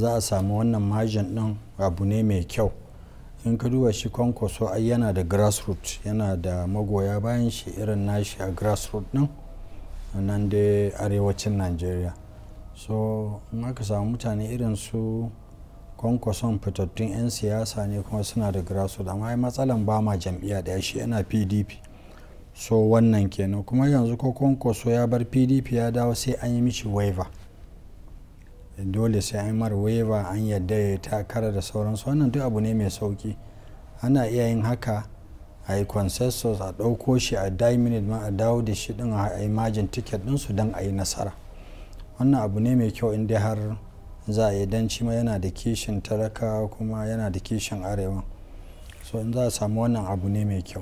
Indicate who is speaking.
Speaker 1: za a samu wannan margin din abu ne mai kyau in ka duba shi kwankwaso ai yana da grassroots yana da magoya bayan shi irin nashi a grassroots din nan dai arewacin najeriya so in aka samu mutane irin su kwankwason fitattun 'yan siyasa ne kuma suna da grassroots amma ai matsalan ba ma jam'iyya daya shi yana pdp so wannan kenan kuma yanzu ko kwankwaso ya bar pdp ya dawo sai an yi mishi waiver dole sai an mara waiva an yadda ya takara da sauransu wannan duk abu ne mai sauki ana iya yin haka a yi consensus a ɗauko shi a diamond ma a dawo da shi ɗin a imajin ticket ɗinsu don a yi nasara wannan abu ne mai kyau inda har za a yi don ma yana da kishin talaka kuma yana da kishin arewa so in za a samu
Speaker 2: wannan abu ne mai kyau